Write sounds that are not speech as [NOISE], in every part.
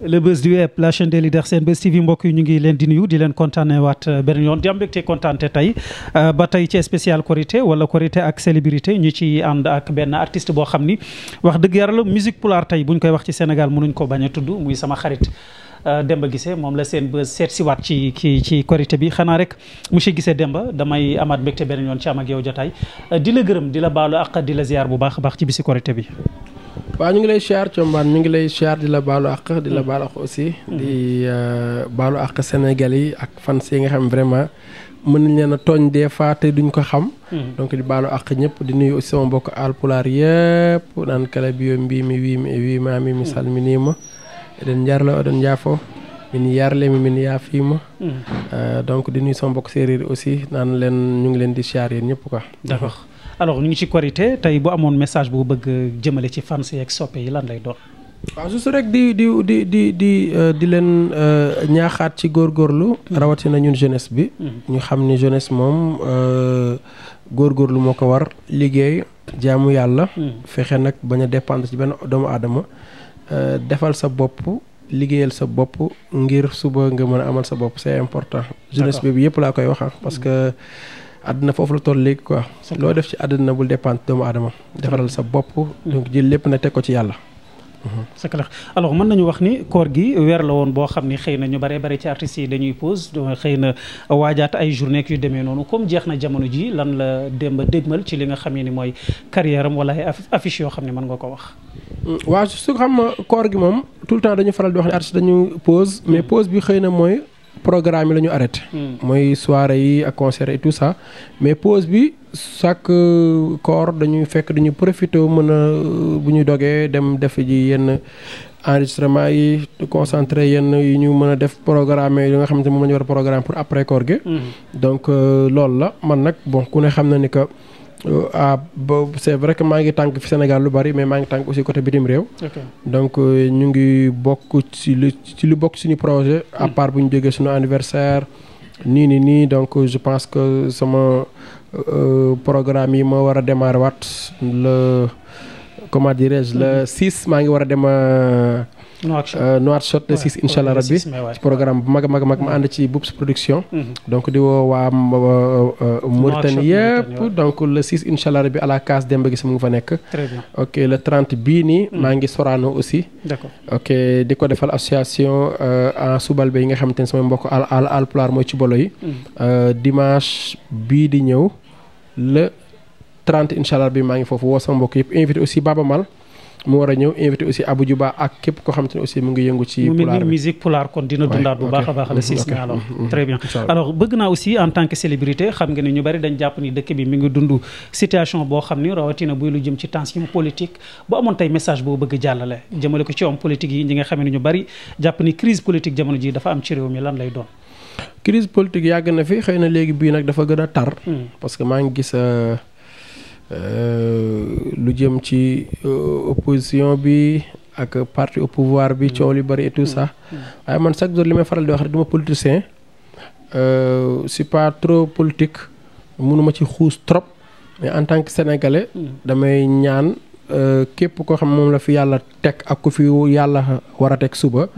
le buzz du web la chaîne des leaders Senbuzz TV mbokk yi ñu ngi leen di nuyu di leen kontaane waat euh, beneen yoon di am mbégte kontaante tey euh, ba tey ci spécial korité wala korité ak célébrité ñu ci ànd ak benn artiste boo xam ni wax dëgg yàlla musique pulaar tey buñ koy wax ci Sénégal mënuñ ko bañ a tudd muy sama xarit euh, Demba gise moom la Senbuzz seet si waat ci ci ci korité bi xanaa rek monsieur gisee Demba damay amaat mbégte beneen yoon ci am ak yow jotaay di la gërëm di la baalu ak di la ziar bu baax a baax ci bisi korité bi waaw ñu ngi lay siyaar combaan ñu ngi lay siyaar di la baalu àq di la baalu àq aussi di euh, baalu ak senegal yi ak fan yi nga xam vraiment mën nañ leen a tooñ des fois te duñ ko xam mm-hmm. donc di baalu àq ñëpp di nuyu aussi sama mbokk alpulaar yëpp naan kala mbii mi wii mi wii maa mi misal mi nii ma eɗen njarlo eɗen njaafoo min yarle mi min ma mm-hmm. euh, donc di nuyu sama mbokk séeréer aussi naan leen ñu ngi leen di siyaar yéen ñëpp ko d'accord alors ñu ngi ci Korité tey bu amoon message bu bëgg jëmale ci fans yi ak soppe yi lan lay doon. waaw juste rek di di di di di euh, di leen euh, ñaaxaat ci góor góorlu hmm. rawatina ñun jeunesse bi. Hmm. ñu xam ni jeunesse moom euh, góor góorlu moo ko war liggéey jaamu yàlla. Hmm. fexe nag bañ a dépendre ci benn doomu aadama defal sa bopp liggéeyal sa bopp ngir suba nga mën a amal sa bopp c'est important. jeunesse bi yëpp laa koy wax ah, parce àdduna foofu la toll léegi quoi. loo def ci àdduna bul dépendre doomu aadama. defaral sa bopp. donc jël lépp na teg ko ci yàlla. Mhm. c'est mën nañu wax ni koor gi weer la woon boo xam ni xëy na ñu bare bare ci artistes yi dañuy pause xëy na waajaat ay journée yu demee noonu comme jeex na jamono ji lan la démb dégmal ci li nga xam ni mooy carrière am ay affiche yoo xam ne mën nga ko wax. Mm, waaw su xam koor gi moom tout le temps dañu faral di wax ne artistes dañu pause mais mm. pause bi xëy na programme yi la ñu arrêté. Hmm. mooy soirée yi ak concert et tout ça mais pause bi chaque euh, corps dañuy fekk dañu profité mën a euh, bu ñu dogee dem def ji yenn enregistrement yi concentré yenn yi ñu mën a def programme yi nga xamante ne moom la ñu war a programme pour après corps gi. Hmm. donc euh, loolu la man nag bon ku ne xam na ni que. Euh, ah boobu c'est vrai que maa ngi tànk fi Sénégal lu bari mais maa ngi tànk aussi côté bitim réew. donc euh, ñu ngi bokk ci lu ci lu bokk suñu projet. à bu ñu jógee suñu anniversaire. nii nii nii donc euh, je pense que sama programme yi ma war a démarrer waat le comment dirais-je le 6 mm-hmm. maa ngi war a dem Nouakchott le 6 incha allah rabbi ci programme bu mag a mag ma ànd ci Boups production mhm. donc di woo waa euh, euh, euh, Mauritanie yëpp donc le 6 incha allah rabbi à la case Demba Guissé mu ngi fa nekk ok le 30 bii nii mhm. maa ngi soraanoo aussi ok di ko defal association en Soubalbe yi nga xamante ni samay mbokk al al alpulaar mooy ci bolo yi mhm. dimanche bii di ñëw le 30 incha allah maa ngi foofu woo sama mbokk yëpp invité aussi Baba Mal mu war a ñëw invité aussi Abou ak képp ko xam ne mu ngi yëngu ci. pulaar kon dina dundaat bu baax a baax. la siis mm-hmm, mm-hmm. très bien. alors bëgg naa aussi en tant que célébrité xam nga ne ñu bari dañ jàpp ni dëkk bi mi ngi dund situation boo xam ni rawatina buy lu jëm ci tension politique bu amoon tey message boo bëgg jàllale jëmale ko ci homme politique yi ñi nga xam ne ñu bari jàpp ni crise politique jamono ji dafa am ci mi lan lay doon. crise politique yàgg Euh, lu jëm ci euh, opposition bi ak parti au pouvoir bi mm. coow li bëri et tout ça mm. Mm. waaye man chaque jour li may faral di wax rek duma politicien c'est euh, pas trop politique mënuma ci xuus trop mais en tant que sénégalais damay ñaan képp koo xam moom la fi yàlla teg ak ku fi yàlla war a teg suba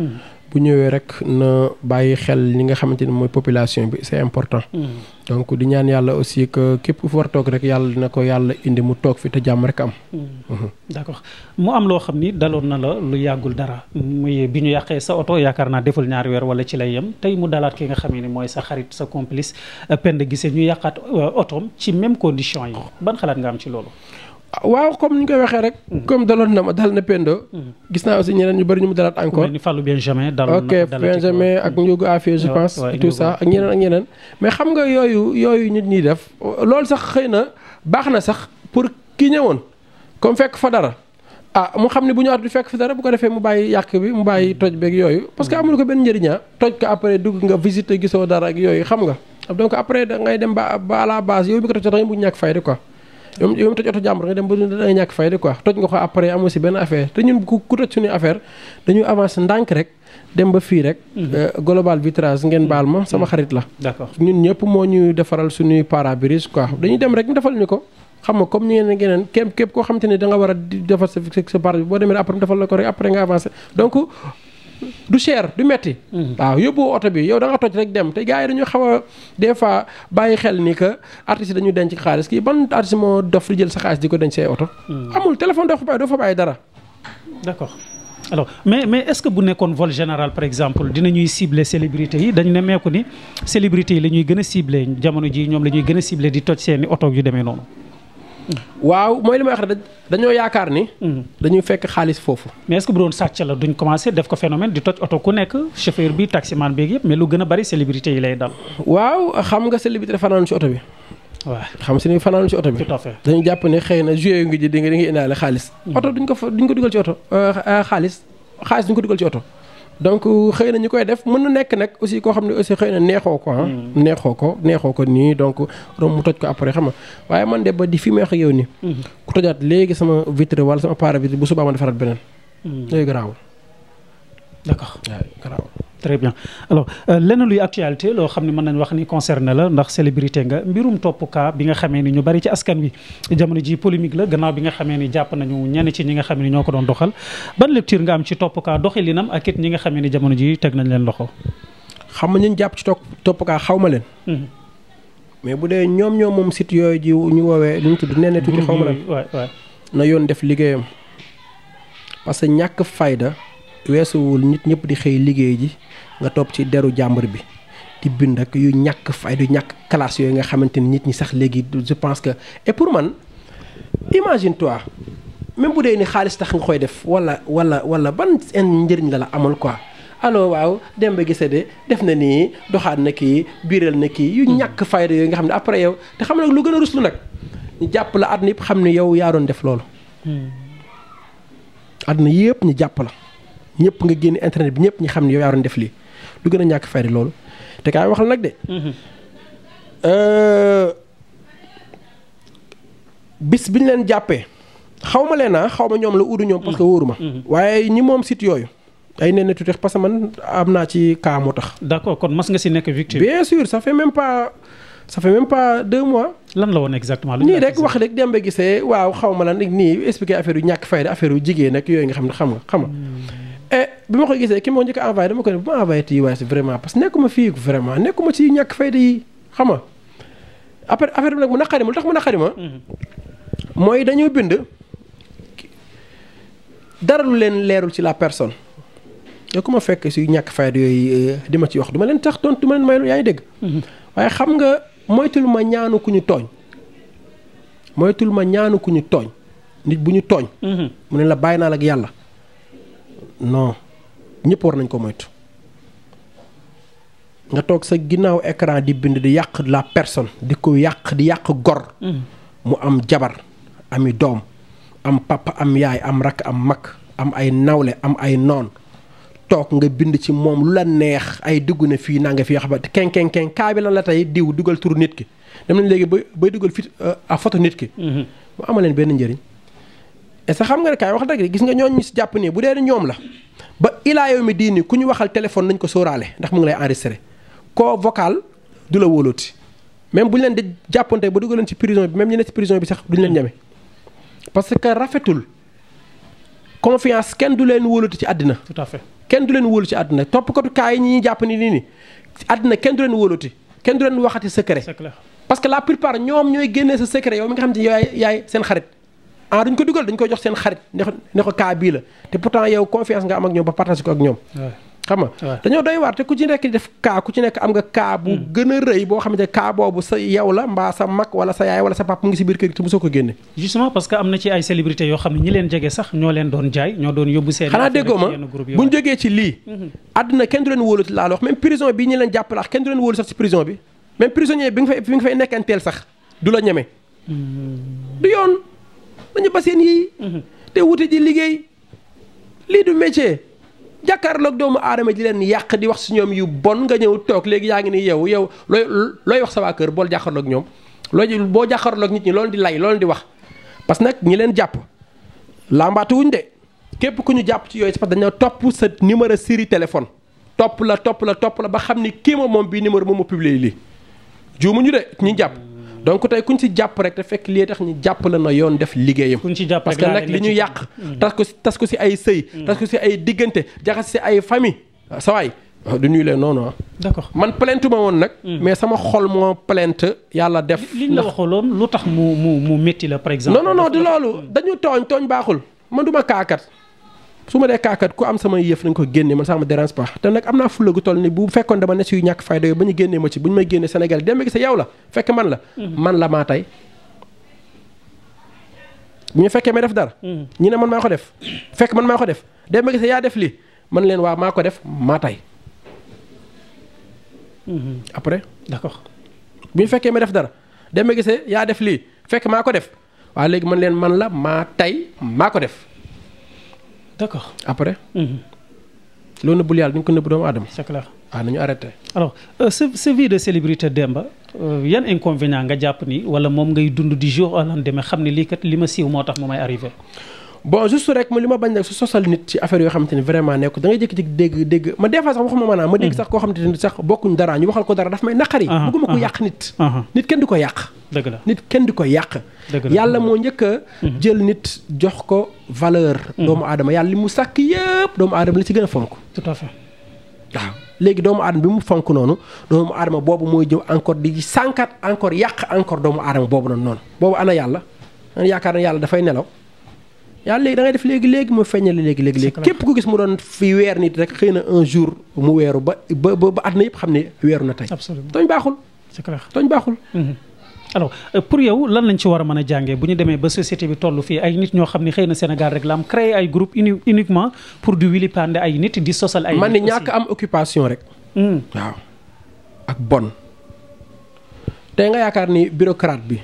bu ñëwee rek na bàyyi xel li nga xamante ni mooy population bi c'est important. Mm. donc di ñaan yàlla aussi que képp fu war toog rek yàlla dina ko yàlla indi mu toog fi te jàmm rek am. Mm. Mm-hmm. mu am loo xam ni daloon na la lu yàggul dara. muy bi ñu yàqee sa oto yaakaar naa deful ñaari weer wala ci lay yem tey mu dalaat ki nga xam ne mooy sa xarit sa complice Penda Guissé ñu yàqaat euh, otoom ci même condition yi ban xalaat nga am ci loolu. waaw comme ni ñu koy waxee rek. Hmm. comme daloon na ma dal na Pendo. Hmm. gis naa aussi ñeneen ñu bëri ñu mu dalaat encore. ni Fallou Benjamin daloon na ok Benjamin ak hmm. Ndiogu Afia je pense. ak ñeneen ak ñeneen. mais xam nga yooyu yooyu nit ñi def loolu sax xëy na baax na sax pour ki ñëwoon comme fekk fa dara. ah mu xam ne bu ñëwaat du fekk fi dara bu ko defee mu bàyyi yàq bi mu bàyyi toj beeg yooyu parce que amul ko benn njëriñaa ah. toj ko après dugg nga visite gisoo dara ak yooyu xam nga donc après da ngay dem ba ba à yooyu bu ñàkk fayda quoi yow yow toj oto jàmbur nga dem ba da ngay ñàkk fayda quoi toj nga ko après amoo si benn affaire te ñun ku toj suñu affaire dañuy avancer ndànk rek dem ba fii rek. Mhm. Euh, global vitrage ngeen mhm. baal ma sama mhm. xarit la. d'accord ñun ñëpp moo ñuy defaral suñuy pare-brise quoi dañuy dem rek ñu defal ñu ko. xam nga comme ni ngeen geneen képp képp koo xamante ne da nga war a defar sa sa part bi boo demee après mu defal la ko rek après nga avancer donc. du cher du metti mm-hmm. waaw yóbbu oto bi yow da nga toj rek dem te gars yi dañu xaw a des fois bàyyi xel ni que artiste dañu denc xaalis kii ban artiste moo dof di jël sa xaalis di ko denc say oto mm. amul téléphone doo fa bàyyi doo fa bàyyi dara d'accord alors mais mais est-ce que bu nekkoon vol général par exemple dinañuy cibler célébrité yi dañu ne meeku ni célébrité yi la ñuy gën a cibler jamono ji ñoom la ñuy gën a cibler di toj seeni oto yu demee noonu waaw mooy li may dañoo yaakaar ni. Hmm. dañuy fekk xaalis foofu. mais est bu doon sàcc la duñ commencé def ko phénomène di toj oto ku nekk chauffeur bi taximan bi yëpp mais lu gën a bari célébrité yi lay dal. waaw xam nga célébrité fanaan ci oto bi. waaw xam si ni fanaan ci oto bi. tout à fait dañu jàpp ne xëy na joué ngi ji di nga di nga indaale xaalis. Hmm. oto duñ ko fa duñ ko dugal ci oto euh, xaalis xaalis duñ ko dugal ci oto. donc xëy na ñu koy def mën na nekk nag aussi koo xam ne aussi xëy na neexoo ko ah. Hmm. neexoo ko neexoo ko nii donc rom mu toj ko après xam a waaye man de ba di fi may wax ak yow nii. Hmm. ku tojaat léegi sama vitre wala sama pare vitre bu subaa ma defaraat beneen. day hmm. garaaw d'accord waaw très bien alors euh, lenn luy actualité loo xam ne mën nañ wax ni concerné la ndax célébrité nga mbirum topp cas bi nga xamee ni ñu bari ci askan wi jamono ji polémique la gannaaw bi nga xamee ni jàpp nañu ñenn ci ñi nga xam ne ñoo ko doon doxal ban lecture nga am ci topp cas doxalinam ak it ñi nga xamee ni jamono ji teg nañ leen loxo. xam nga ñun jàpp ci topp topp xaw ma leen. Mhm. mais bu dee ñoom ñoom moom site yooyu ji ñu woowee lu ñu tudd nee na tuuti xaw ma leen na yoon def liggéeyam parce que ñàkk fayda. weesuwul nit ñëpp di xëy liggéey ji nga topp ci deru jàmbur bi di bind ak yu ñàkk fay du ñàkk classe yooyu nga xamante ni nit ñi sax léegi je pense que et man imagine toi même bu dee ni xaalis tax nga koy def wala wala wala ban njëriñ la la amul quoi alors waaw dem Demba gise de def na nii doxaat na kii biiral na kii yu ñàkk fayda yooyu nga xam ne après yow te xam nag lu gën a ruslu nag ñu jàpp la àdduna yëpp xam ne yow yaa doon def loolu hmm. àdduna yëpp ñu jàpp la ñëpp nga génn internet bi ñëpp ñi xam ne yow yaa doon def lii lu gën a ñàkk fayda loolu te kaay wax la nag de. Mhm. Euh, bis bi ñu leen jàppee xaw ma leen ah xaw ma ñoom la uudu ñoom. parce que mhm. wóoru ma. Mhm. waaye ñi moom site yooyu. ay nen tuuti parce que man am naa ci cas moo tax. d'accord kon mas nga si nekk victime. bien sûr ça fait même pas ça fait même pas deux mois. wax rek dem ba gisee waaw xaw ma lan nii expliqué affaire yu ñàkk fayda affaire yu jigéen ak yooyu nga xam ne xam nga xam nga. Hmm. et eh, bi ma ko gisee ki moo njëkk a envoyé dama ko ne bu ma envoyé Tivaouane si vraiment parce que nekkuma fii vraiment nekkuma si ñàkk fayda yi xam nga après affaire bi nag mu naqari ma tax mu naqari ma. Mhm. mooy dañoo bind dara leen leerul ci la personne. te ma fekk si ñàkk fayda yooyu eh, di ma wax duma leen tax tontu du ma leen may mhm. xam nga moytul ma ñaanu ku ñu tooñ. moytul ma ñaanu ku ñu tooñ. nit bu ñu tooñ. Mhm. mu ne la bàyyi naa la yàlla. non ñëpp war nañ ko moytu nga toog sa ginnaaw écran di bind di yàq la personne di ko yàq di yàq gor. Mm. mu am jabar ami doom am papa am yaay am rakk am mag am ay nawle am ay noon toog nga bind ci moom lu la neex ay dugg na fii naa nga fi xamante ken ken ken kaa la tey diw dugal tur nit ki dem nañ léegi bay bay dugal fit a euh, photo nit ki. Mm-hmm. mu amaleen benn njëriñ. est ce xam nga ne kaay wax dëgg gis nga ñooñu ñu jàpp nii bu dee ñoom la ba ilaa yow mi diini ku ñu waxal téléphone nañ ko sooraale ndax mu ngi lay enregistré koo vocal du la wóolooti mem bu ñu leen di jàppante ba dugg leen ci prison bi même ñu ne ci prison bi sax duñ leen ñeme parce que rafetul confiance kenn du leen wóolooti ci àddina. tout à fait kenn du leen wóolu ci àddina toppatoo kaay yi jàpp ni nii nii àddina kenn du leen wóolooti kenn du leen waxati secret. parce que la plupart ñoom ñooy génne sa secret yow mi nga xam ne yaay yaay ah duñ ko dugal dañ koy jox seen xarit ne ko ne ko cas bii la te pourtant yow confiance nga am ak ñoom ba partage ak ñoom. xam nga dañoo doy waar te ku ci nekk def cas ku ci nekk am nga cas bu hmm. gën a rëy boo xamante ne cas boobu sa yow la mbaa sa mag wala sa yaay wala sa papa mu ngi si biir kër gi te mosoo ko génne parce que am na ci ay célébrité yoo xam ne ñi leen jege sax ñoo leen doon jaay ñoo doon yóbbu seen xanaa déggoo ma bu ñu jógee ci lii hmm. àdduna nañu ba seen yii mhm. te wute ji liggéey lii du métier jàkkaarloog doomu aadama ji leen yàq di wax si ñoom yu bon nga ñëw toog léegi yaa ngi ni yow yow looy looy wax sa waa kër bool jàkkaarloog ñoom looy boo jàkkaarloog nit ñi loolu di lay loolu di wax parce que nag ñi leen jàpp làmbaatuwuñ de képp ku ñu jàpp ci yooyu parce que dañoo topp sa numéro série téléphone topp la topp la topp la ba xam ni kii moom bii numéro moom mu li lii juumuñu de ñu jàpp donc tey kuñ ci jàpp rek te fekk lii tax ñu jàppale na yoon def liggéeyam. kuñ ci jàpp parce li ñu yàq. Mm. tas ko si tas ko si ay sëy. Mm. tas ko si ay diggante jaxas si ay famille ah, sawaay ah, du ñuy leen noonu ah. d'accord man plainte ma woon nag. Mm. mais sama xol moo palent yàlla def. li la waxaloon lu tax mu mu mu métti la par exemple. non di loolu dañu tooñ tooñ baaxul man du ma kaakat. su ma dee kaakat ku am sama yëf nañ ko génne man sax ma dérange te nag am naa fulla gu toll ni bu fekkoon dama ne si yu ñàkk fayda yooyu ba ñu génnee ma ci bu ñu may génne Sénégal dem gis yow mm-hmm. man la maa tey ñu fekkee may def dara mm-hmm. ñu ne man maa ko def fekk man maa ko def dem gis yaa def lii man leen waa maa ko def maa tey mm-hmm. après d'accord bu ñu fekkee may def dara dem gis yaa def lii fekk maa ko def waaw léegi man leen man la maa tey maa ko def d'accord après. Mhm. loolu nëbbul yàlla duñ ko nëbb doomu aadama. c'est clair ah nañu arrêté. alors sa euh, sa de célébrité Demba euh, yan inconvénient nga jàpp ni wala moom ngay dund di jour au lendemain xam ne lii kat li ma siiw moo tax mu may arrivé. bon juste rek man li ma bañ nag su sosal nit ci affaire yoo xamante ni vraiment nekku da ngay jékki jékki dégg dégg ma des fois sax waxuma maanaam ma dégg mm. sax koo xamante ni sax bokkuñ dara ñu waxal ko dara daf may naqari bëgguma ko yàq nit nit kenn nit kenn di ko yàq yàlla moo njëkk mm-hmm. jël nit jox ko valeur mm. doomu aadama yàlla li mu sàkk yëpp doomu aadama li ci gën a fonk tout à fait léegi doomu aadama bi mu fonk noonu doomu aadama boobu mooy jëw encore di sànkaat encore yàq encore doomu aadama boobu noonu noonu boobu ana yàlla an na yàlla dafay nelaw yàlla léegi da def léegi léegi mu feeñale léegi léegi léegi képp ku gis mu doon fi weer nit rek xëy na un jour mu weeru ba ba ba àdduna yëpp xam ne weeru na tey tooñ baaxul tooñ baaxul mhm. alors euh, pour yow lan lañ ci war a mën a jàngee bu ñu demee ba société bi toll fii ay nit ñoo xam ne xëy na Sénégal rek la am créé ay groupe uniquement pour du wili pande ay nit di sosal ay man ni ñàkk am occupation rek mhm. waaw ak bon tey nga yaakaar ni bureaucrate bi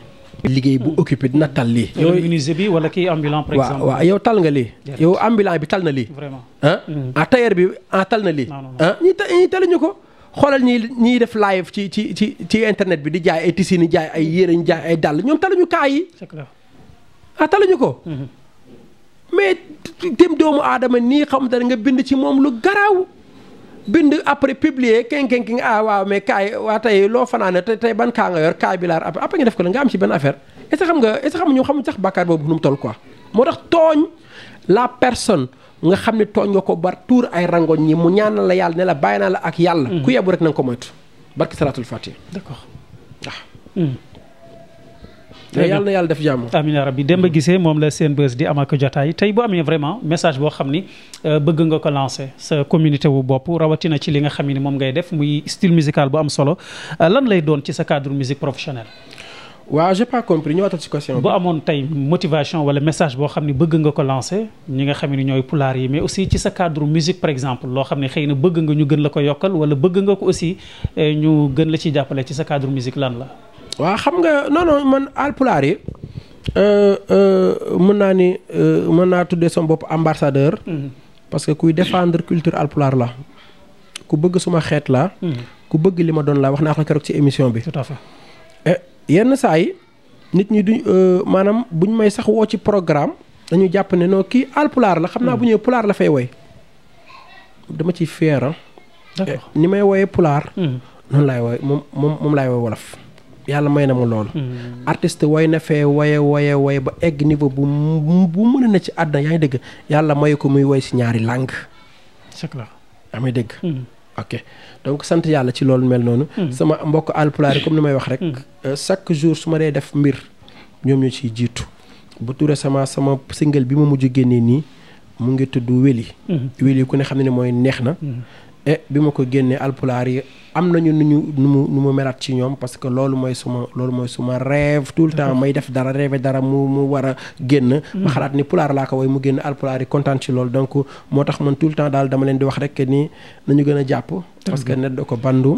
liggéey bu occupé dina tal lii. yow menuisier bi wala kii ambulant par exemple. waaw yow tal nga lii. yow ambulant bi tal na lii. vraiment ah, mm. ah tailleur bi ah tal na lii. ah ñii tal ñii taluñu ko. xoolal ñi ñiy def live ci ci ci ci internet bi di jaay ay tissus ni jaay ay yére ñu jaay ay dàll ñoom taluñu kaa yi. ah taluñu ko. Mm-hmm. mais dem doomu aadama nii xam te nga bind ci moom lu garaaw. bind après publier kenken ki nga ah waaw mais kaay waa tey loo fanaane te tey ban kaa nga bi laar après après nga def ko la nga am ci benn affaire est ce xam nga est ce xam nga ñoom xamuñ sax bàkkaar boobu nu mu toll quoi moo tax tooñ la personne nga xam ne tooñ nga ko bar tuur ay rangoñ ñi mu ñaanal la yàlla ne la bàyyi naa la ak yàlla mm. ku yebu rek na ko moytu barki salaatul fatiha d'accord waaw mm. mais yàlla na yàlla def jàmm amiin yaa rabbi Demba Guissé moom la Senbuzz di am ak jotaay tey bu amee vraiment message boo xam ni euh, bëgg nga ko lancer sa communauté bopp rawatina ci li nga xam ni moom ngay def muy style bu am solo euh, lan lay doon ci sa cadre musique professionnelle waaw j'ai pas compris ñëwaatal ci question bu amoon tey motivation wala message boo xam ne bëgg nga ko lancer ñi nga xam ne ñooy pulaar yi mais aussi ci sa cadre musique par exemple loo xam ne xëy na bëgg nga ñu gën la ko yokkal wala bëgg nga ko aussi euh, ñu gën la ci jàppale ci sa cadre musique lan la waaw xam nga non man alpulaar yi euh, euh, mën naa ni euh, mën naa tuddee sama bopp ambassadeur. Mhm. parce que kuy défendre culture alpulaar la ku bëgg suma xeet la mhm. ku bëgg li ma doon laa wax naa ko keroog ci émission bi. tout à eh, yenn saa yi nit ñi du duñ maanaam buñ may sax woo ci programme dañu jàpp ne non kii alpulaar la xam naa mhm. bu ñëwee pulaar la fay woy dama ciy fier ah. eh, ni may woyee pulaar. noonu laay woy moom moom moom laay woy wolof. yàlla may na ma lool. Hmm. artiste way na fee waye waye waye ba egg niveau bu bu mën na ci àddina yaa ngi dégg yàlla may ko muy woy si ñaari langue c'est clair yaa dégg. Hmm. ok donc sant yàlla ci loolu mel noonu. Hmm. sama mbokk alpulaar comme ni may wax rek. Euh, chaque jour su ma dee def mbir ñoom ñu ciy jiitu. bu tout récemment sama single bi mu mujj génne nii mu ngi tudd Weli. Weli ku ne xam ne mooy neex na. e bi ma ko génnee alpulaar yi am nañu nu ñu nu mu nu mu melaat ci ñoom parce que loolu mooy suma loolu mooy suma rêve tout le temps may def dara rêve dara mu mu war a génn ma mm-hmm. xalaat ni pulaar laa ko way mu génn alpulaar yi kontaan ci loolu donc moo tax man tout le temps daal dama leen di wax rek ni nañu gën a jàpp parce que neɗɗo ko banndum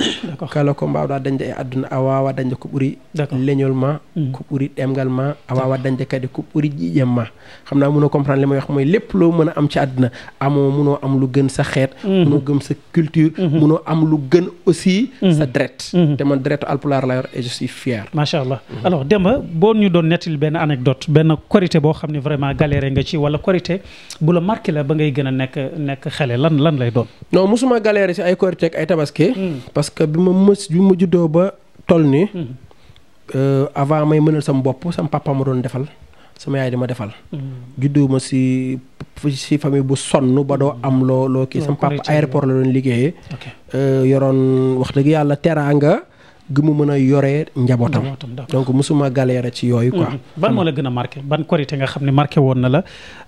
kala ko mbawɗa dañde e aduna a wawa ko ɓuuri leñol ma mm. ko ɓuuri ɗemgal ma a wawa dañde kadi ko ɓuuri ƴiƴam ma xam naa munoo comprendre li may wax mooy lépp loo mën a am ci àdduna amoo munoo am lu gën sa xeet mm-hmm. munoo gëm sa culture mm-hmm. munoo am lu gën aussi fii. Mhm. sa dret. Mhm. te man dretu alpulaar la yor et je suis fier. macha allah mhm. alors Demba boo ñu doon nettali benn anecdote benn korité boo xam ne vraiment galéré nga ci wala korité bu la marqué la ba ngay gën a nekk nekk xele lan lan lay doon. non mosuma galéré si ay korité ak ay tabaski. parce que bi ma mës bi ma juddoo ba toll nii. Euh, avant may mënal sama bopp sama papa ma doon defal. sama yaay di ma defal. Mm. juddu ma si si famille bu sonn ba doo am mm. loo loo kii sama papa aéroport la doon liggéeyee. Euh, yoroon wax dëgg yàlla teraanga gi mu mën a yore njabootam. donc mosuma galère ci yooyu quoi. Mm-hmm. ban moo la gën a marqué ban korité nga xam ne marqué woon na la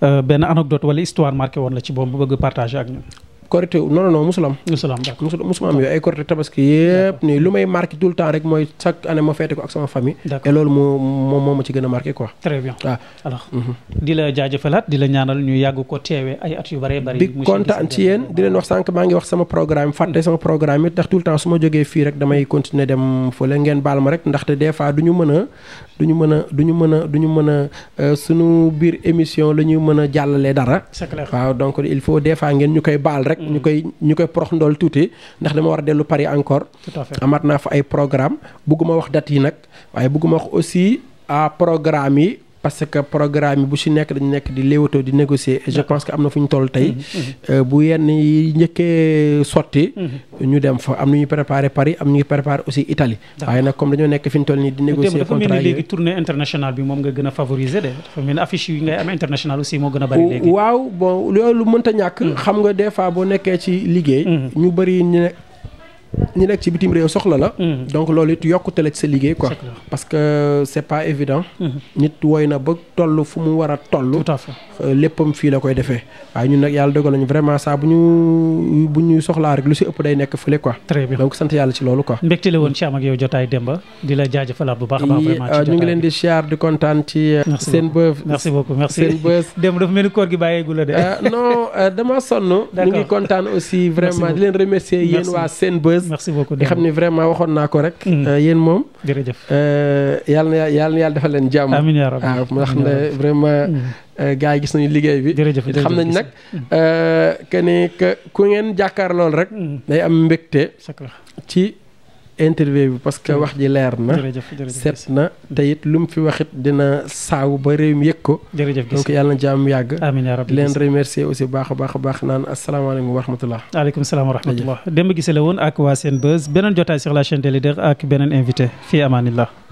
euh, benn anecdote wala histoire marqué woon la ci boobu bu bëgg partage ak ñun. korité non non non musulam musulam musuma am yooyu ay korité tabaski yëpp nii lu may marqué tout le temps rek mooy chaque année ma feete ko ak sama famille et loolu moo moo moo ma ci gën a marqué quoi très bien waaw ah. alors mhm. di la jaajëfalaat di la ñaanal ñu yàgg ko teewee ay at yu bëree bëri di kontaan ci yéen di leen wax sànq maa ngi wax sama programme fàtte sama programme it ndax tout le temps su ma jógee fii rek damay continuer dem fële ngeen baal ma rek ndaxte des fois du ñu mën a du ñu mën a du ñu mën a du ñu mën a euh, suñu biir émission la ñuy mën a jàllalee dara waaw donc il faut des fois ngeen ñu koy baal rek ñu mm. koy ñu koy prox ndool tuuti ndax dama war a dellu Paris encore. tout à fait amaat naa fa ay programme bëgguma wax dat yi nag waaye bëgguma wax aussi programme yi. parce que programme bu si nekk dañu nekk di léewatoo di négocier et je que am na fu ñu toll tey mm-hmm, mm-hmm. Euh, bu yenn yi njëkkee sotti mm-hmm. ñu dem fa am na ñu préparé Paris am ñu préparé aussi Italie a favoriser de dafa mel a bari léegi waaw bon loolu mënta ñàkk mm. xam nga des boo nekkee ci liggéey ñu bari ñu ñi nekk ci bitim réew soxla la. Mm-hmm. donc loolu it yokkute la ci sa liggéey quoi. parce que c' pas évident. Mm-hmm. nit woy na ba toll fu mu war a toll. tout à fait euh, léppam fii la koy defee. waaye ñun nag yàlla dogal nañu vraiment saa bu ñu bu rek lu si ëpp day nekk fële quoi. très bien donc sant yàlla ci loolu quoi. mbégte la woon ci am jotaay Demba di la jaajëfalaat bu baax a baax. vraiment ci euh, ñu ngi leen di siyaar di kontaan ci. Euh, seen bëf merci [LAUGHS] dafa mel koor gi bàyyeegu la de. non dama [LAUGHS] buzz. merci beaucoup di xam ni vraiment waxoon naa ko rek. Mm-hmm. Euh, yéen moom. jërëjëf euh, yàlla na yàlla yàlla defal leen jàmm. amiin yaa rabbi waaw ah, ndax vraiment. Mm-hmm. Euh, gars yi gis nañu liggéey bi. jërëjëf xam nañ nag. Mm-hmm. que ni que ku ngeen jàkkaar lool rek. day am mbégte. ci. interview bi parce que mm. wax ji leer na set na te it lu mu fi waxit dina saaw ba réew mi yëg ko donc yàlla na jàmm yàgg leen remercier aussi baax a baax a baax naan asalaamaaleykum wa rahmatullah aleykum salaam wa rahmatullah Demba Guissé la woon ak waa Senbuzz beneen jotaay sur la chaîne des leaders ak beneen invité fii amaanillah